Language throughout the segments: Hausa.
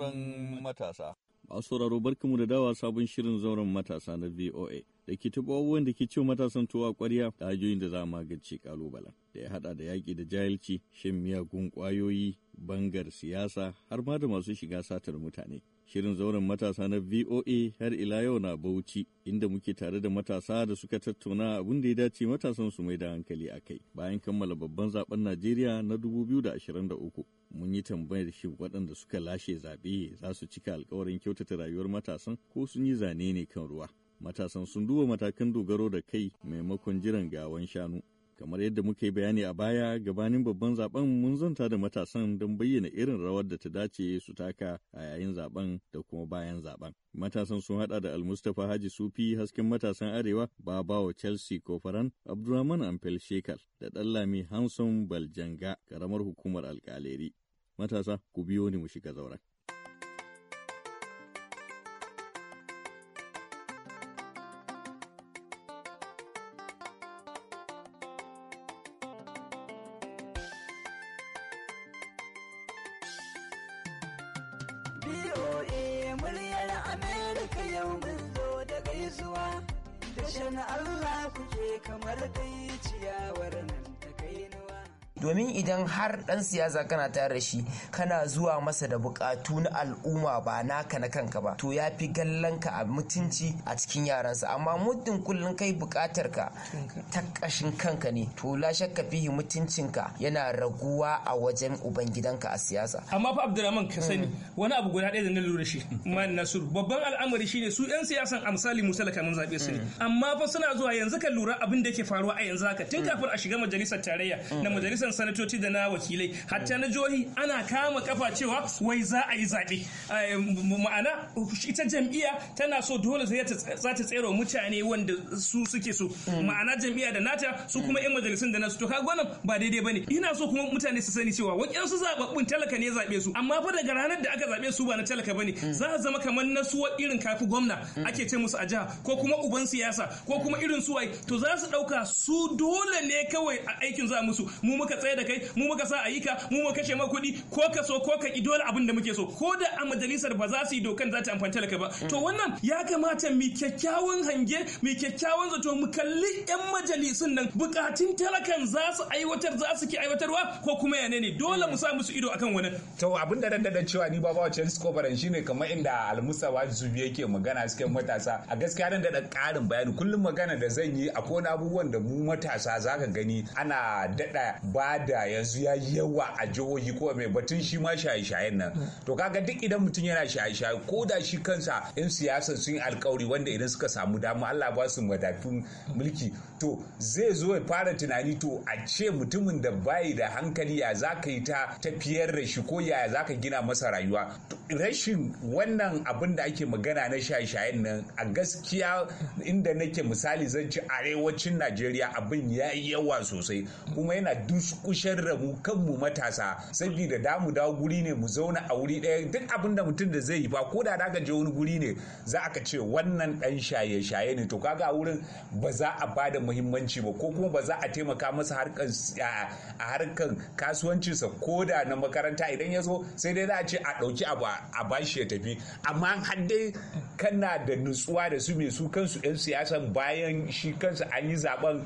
zauren matasa. Masu sauraro barkamu da dawa sabon shirin zauren matasa na VOA da ke taɓa abubuwan da ke ce matasan tuwa ƙwarya da hanyoyin da za a magance ƙalubalen da ya haɗa da yaƙi da jahilci, shan miyagun ƙwayoyi, bangar siyasa har ma da masu shiga satar mutane. Shirin zauren matasa na VOA har ila yau na Bauchi, inda muke tare da matasa da suka tattauna abin da ya dace matasan su mai da hankali a kai bayan kammala babban zaben Najeriya na da da uku. mun yi tambayar shi waɗanda suka lashe zaɓe za su cika alkawarin kyautata rayuwar matasan ko sun yi zane ne kan ruwa. Matasan sun duba matakan dogaro da kai maimakon jiran gawan shanu. Kamar yadda muka yi bayani a baya gabanin babban zaben mun zanta da matasan don bayyana irin rawar da ta dace su taka a yayin zaben da kuma bayan zaben. Matasan sun hada da Almustapha Haji Sufi hasken matasan Arewa, wa Chelsea Kofaran, Abdurrahman Amfel Shekar da Dallami Hanson Baljanga, karamar hukumar alkaleri. Matasa, ku biyo ni mu shiga zauren. muryar Amerika yau da gaisuwa, kamar ciyawar nan Domin idan har dan siyasa kana tare da shi kana zuwa masa da bukatu na al'umma ba naka na kanka ba to ya fi ka a mutunci a cikin yaransa amma muddin kullum kai bukatar ka ta kashin kanka ne to la shakka fihi mutuncinka yana raguwa a wajen ubangidanka a siyasa amma fa abdurrahman ka sani mm. wani abu guda ɗaya da na lura shi man nasiru babban al'amari shine su yan siyasan amsali musala kamun zaɓe su ne mm. amma fa suna zuwa yanzu ka lura abin da yake faruwa a yanzu haka tun mm. kafin a shiga majalisar tarayya na majalisar sanatoci da na wakilai wakilai hatta na jihohi ana kama kafa cewa wai za a yi zaɓe eh, ma'ana ita jam'iyya tana so dole sai za ta tsere mutane wanda su suke so mm. ma'ana jam'iya da nata su kuma yan mm. majalisun da nasu to kaga wannan ba daidai bane ina so kuma mutane su sani cewa su zababbun talaka ne zaɓe su amma fa daga ranar da aka zaɓe su ba na talaka bane mm. za a zama kamar na su irin kafi gwamna ake ce musu a jiha ko kuma uban siyasa ko kuma irin wai to za su ɗauka su dole ne kawai a aikin za musu mu muka tsaye da kai mu muka sa a yi ka mu mu kashe ma kuɗi ko ka so ko ka ki dole abin da muke so ko da a majalisar ba za su yi dokan za ta amfani talaka ba to mm. wannan ya kamata mu kyakkyawan hange mu kyakkyawan zato mu kalli yan majalisun nan bukatun talakan za su aiwatar za su ki aiwatarwa ko kuma yane ne dole mu sa musu ido akan wannan to abin da dan dan cewa ni ba ba wacce skobaran shine kamar inda almusa zubi yake magana suke matasa a gaskiya dan da karin bayani kullum magana da zan yi akwai abubuwan da mu matasa zaka gani ana dada bada da yanzu yayi yawa a jihohi ko mai batun shi ma shaye-shayen nan hmm. to kaga duk idan mutum yana shaye-shaye ko da shi kansa in siyasa sun yi alkawari wanda idan suka samu dama Allah ba su madafin mulki to zai zo ya fara tunani to a ce mutumin da bai da hankali ya za ka yi ta tafiyar da shi ko ya za ka gina masa rayuwa rashin wannan abin da ake magana na shaye-shayen nan a gaskiya inda nake misali zan ci arewacin najeriya abin ya yi yawa sosai kuma yana kushen ramu kan mu matasa saboda da mu dawo guri ne mu zauna a wuri ɗaya duk abin da mutum da zai yi ba ko da daga je wani guri ne za ka ce wannan ɗan shaye shaye ne to kaga a wurin ba za a ba da muhimmanci ba ko kuma ba za a taimaka masa harkan a harkan kasuwancinsa ko da na makaranta idan ya zo sai dai za a ce a ɗauki abu a bashi ya tafi amma har dai kana da nutsuwa da su me su kansu 'yan siyasan bayan shi kansu an yi zaben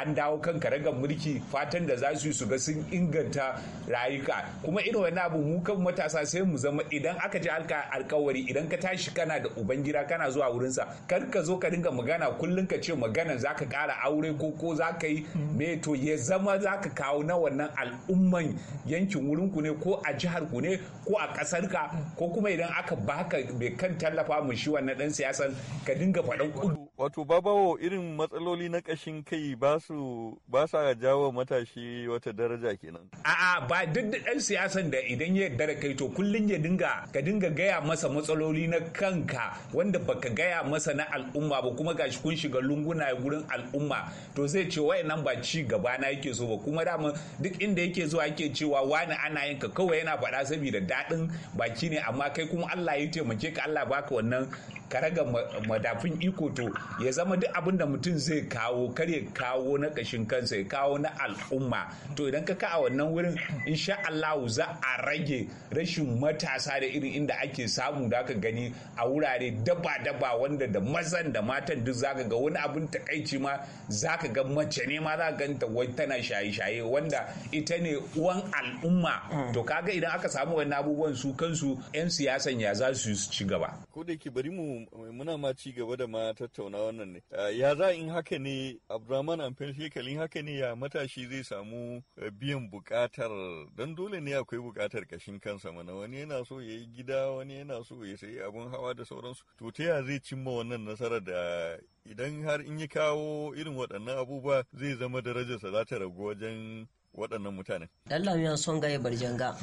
an dawo kan karagar mulki fatan da za su yi su ga sun inganta rayuka kuma irin wani abu mu kan matasa sai mu zama idan aka ji alkawari idan ka tashi kana da ubangira kana zuwa wurinsa kar ka zo ka dinga magana kullum ka ce magana za ka kara aure ko ko za ka yi me ya zama za ka kawo na wannan al'umman yankin wurin ku ne ko a jihar ku ne ko a kasar ka ko kuma idan aka baka bai kan tallafa mu shi wannan dan siyasan ka dinga faɗan kudu Wato babawo irin matsaloli na kashin kai ba su ba jawo matashi wata daraja kenan. A'a ba duk da ɗan siyasan da idan ya yarda kai to kullum ya dinga ka dinga gaya masa matsaloli na kanka wanda baka gaya masa na al'umma ba kuma gashi kun shiga lunguna gurin al'umma to zai ce nan ba ci gaba na yake so ba kuma dama duk inda yake zuwa yake cewa wani ana yin ka kawai yana faɗa saboda daɗin baki ne amma kai kuma Allah ya taimake ka Allah baka wannan karaga madafin iko to ya zama duk abin da mutum zai kawo kar ya kawo na kashin kansa ya kawo na al'umma to idan ka ka a wannan wurin insha Allah za a rage rashin matasa da irin inda ake samu da aka gani a wurare daba-daba wanda da mazan da matan duk zaka ga wani abin takaici ma zaka ga mace ne ma za ganta wai tana shaye-shaye wanda ita ne uwan al'umma mm. to kaga idan aka samu wannan abubuwan su kansu 'yan siyasan ya za su ci gaba ko da bari mu muna ma ci gaba da ma tattauna wannan ne. Ah, ya za in haka ne Abdurrahman Amfani shekalin haka ne ya matashi zai samu eh, biyan bukatar don dole ne akwai bukatar kashin kansa mana wani yana so ya yi gida wani yana so ya sayi abin hawa da sauransu. To ta ya zai cimma wannan nasarar da idan har in yi kawo irin waɗannan abubuwa zai zama darajarsa za ta ragu wajen waɗannan mutanen. Dan lamiyan son gaye barjanga.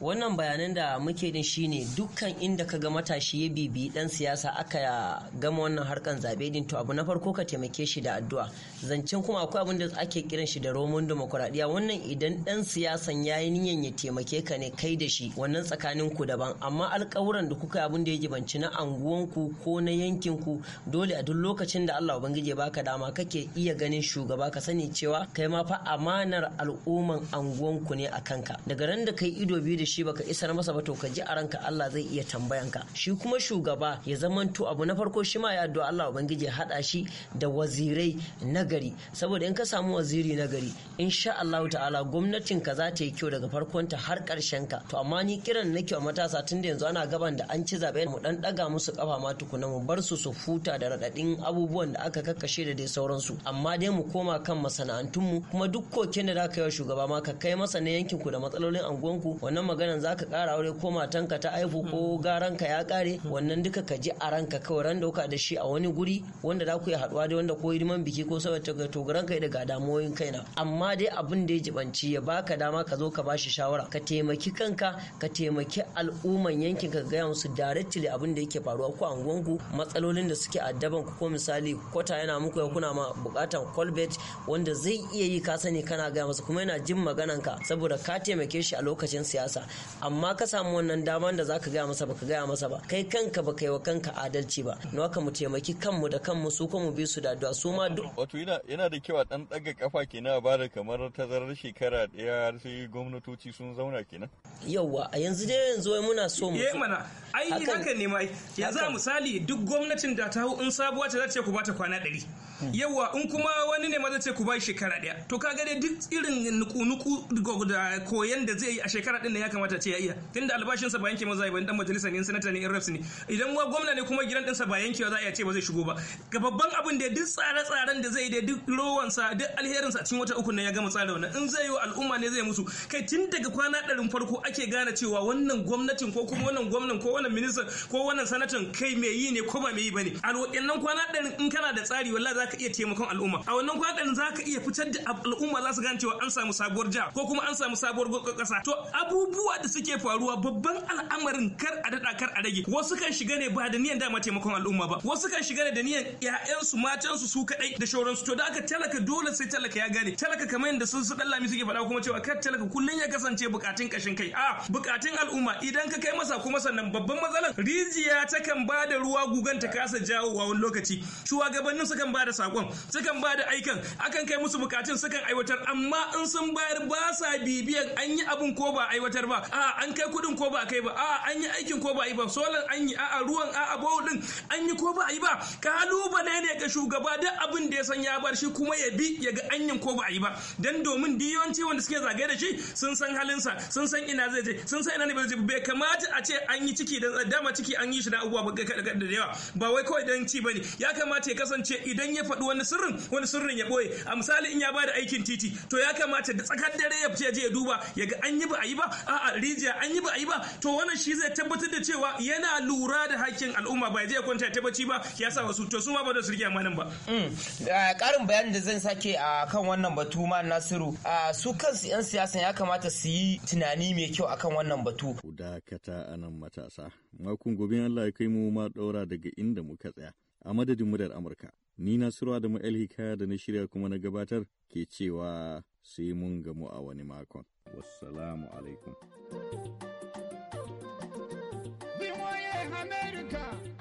Wannan bayanan da muke din shine dukkan inda ka ga matashi ya bibi dan siyasa aka gama wannan harkan zabe din to abu na farko ka taimake shi da addu'a. Zancen kuma akwai abin da ake kiran shi da romon demokuraɗiyya wannan idan dan siyasan yayi niyan ya taimake ka ne kai da shi wannan tsakanin ku daban amma alƙawuran da kuka abin da ya jibanci na anguwanku ko na yankinku dole a duk lokacin da Allah ubangiji ya baka dama kake iya ganin shugaba ka sani cewa kai ma fa amanar al'umma hukuman anguwanku ne a kanka daga ran da kai ido biyu da shi baka isar masa ba to ka ji a ranka Allah zai iya tambayan ka shi kuma shugaba ya zamanto abu na farko shi ma ya addu'a Allah ubangiji ya hada shi da wazirai nagari saboda in ka samu waziri nagari insha Allah ta'ala gwamnatin ka za ta yi kyau daga farkon ta har karshen ka to amma ni kiran nake wa matasa tun da yanzu ana gaban da an ci zabe mu dan daga musu kafa ma tukuna mu bar su su futa da radadin abubuwan da aka kakkashe da dai sauransu amma dai mu koma kan masana'antunmu kuma duk koken da zaka yi wa shugaba ma ka kai masa ne yankin ku da matsalolin ku wannan maganan za ka kara aure ko matanka ta aifu ko hmm. garan ka ya kare hmm. wannan duka ka ji a ranka kawai ran dauka da shi a wani guri wanda za ku yi haduwa dai wanda ko hidiman biki ko saboda togaran kai daga damuwoyin na amma dai abin da ya jibanci ya baka dama ka zo ka bashi shawara ka taimaki kanka ka taimaki al'umman yankin ka gaya musu directly abin da yake faruwa ko ku matsalolin da suke addaban ku ko misali kwata yana muku ya kuna ma bukatan colbert wanda zai iya yi ka sani kana gaya masa kuma yana yana jin maganan ka saboda ka taimake shi a lokacin siyasa amma ka samu wannan dama da zaka gaya masa baka gaya masa ba kai kanka baka yi wa kanka adalci ba na ka mu taimaki kanmu da kanmu su kuma mu bi su da addu'a su ma duk wato yana yana da kyau a dan daga kafa kenan a bada kamar tazarar shekara daya har sai gwamnatoci sun zauna kenan yawwa a yanzu dai yanzu wai muna so mu eh mana ai haka ne mai yanzu a misali duk gwamnatin da ta hau in sabuwa ce za ta ce ku bata kwana 100 hmm. yawwa in kuma wani ne ma zai ce ku bai shekara daya to kaga dai duk irin nuku-nuku da koyan da zai yi a shekara din ya kamata ce ya iya da albashinsa ba yanke maza ba dan majalisa ne sanata ne in reps ne idan wa gwamna ne kuma gidan dinsa ba yankewa za a iya ce ba zai shigo ba ga babban abin da duk tsare-tsaren da zai yi da duk rowansa duk alherinsa a cikin wata uku ne ya gama tsara wannan in zai yi al'umma ne zai musu kai tun daga kwana ɗarin farko ake gane cewa wannan gwamnatin ko kuma wannan gwamnan ko wannan ministan ko wannan sanatan kai mai yi ne ko ba mai yi ne a wannan kwana ɗarin in kana da tsari wallahi ka iya taimakon al'umma a wannan kwana ɗarin ka iya fitar da al'umma za su gane cewa an samu samu sabuwar jiha ko kuma an samu sabuwar kasa to abubuwa da suke faruwa babban al'amarin kar a dada kar a rage wasu kan shiga ne ba da niyan dama taimakon al'umma ba wasu kan shiga ne da niyan ƴaƴansu matansu su kadai da su to da aka talaka dole sai talaka ya gane talaka kamar yadda sun su dallami suke faɗa kuma cewa kar talaka kullun ya kasance bukatun kashin kai a bukatun al'umma idan ka kai masa kuma sannan babban matsalar rijiya ta kan ba da ruwa gugan ta kasa jawo a wani lokaci shugabannin kan ba da sakon kan ba da aikan akan kai musu bukatun sukan aiwatar amma in sun sun bayar ba sa bibiyan an yi abin ko ba aiwatar ba a an kai kuɗin ko ba a kai ba a an yi aikin ko ba a yi ba solar an yi a ruwan a bowl din an yi ko ba a yi ba kalubale ne ga shugaba duk abin da ya san ya bar shi kuma ya bi ya ga anyin ko ba a yi ba dan domin diyonci wanda suke zagaye da shi sun san halinsa sun san ina zai je sun san ina ne bai bai kamata a ce an yi ciki dan dama ciki an yi shi da na abubuwa da yawa ba wai kawai dan ci bane ya kamata ya kasance idan ya faɗi wani sirrin wani sirrin ya boye a misali in ya bada aikin titi to ya kamata haka da tsakar dare ya fice je ya duba ya ga an yi ba a yi ba a'a rijiya an yi ba a yi ba to wannan shi zai tabbatar da cewa yana lura da hakkin al'umma ba ya je ya kwanta ta bacci ba ya sa wasu to su ma ba da su rike amanin ba karin mm. bayanin da zan sake a kan wannan batu ma Nasiru su kansu 'yan siyasa ya kamata su yi tunani mai kyau akan wannan batu dakata a nan matasa makon gobe Allah ya kai mu ma daura daga inda muka tsaya a madadin muryar Amurka ni Nasiru Adamu El Hikaya da na shirya kuma na gabatar ke cewa sai mun gamu a wani makon. Wassalamu alaikum. America.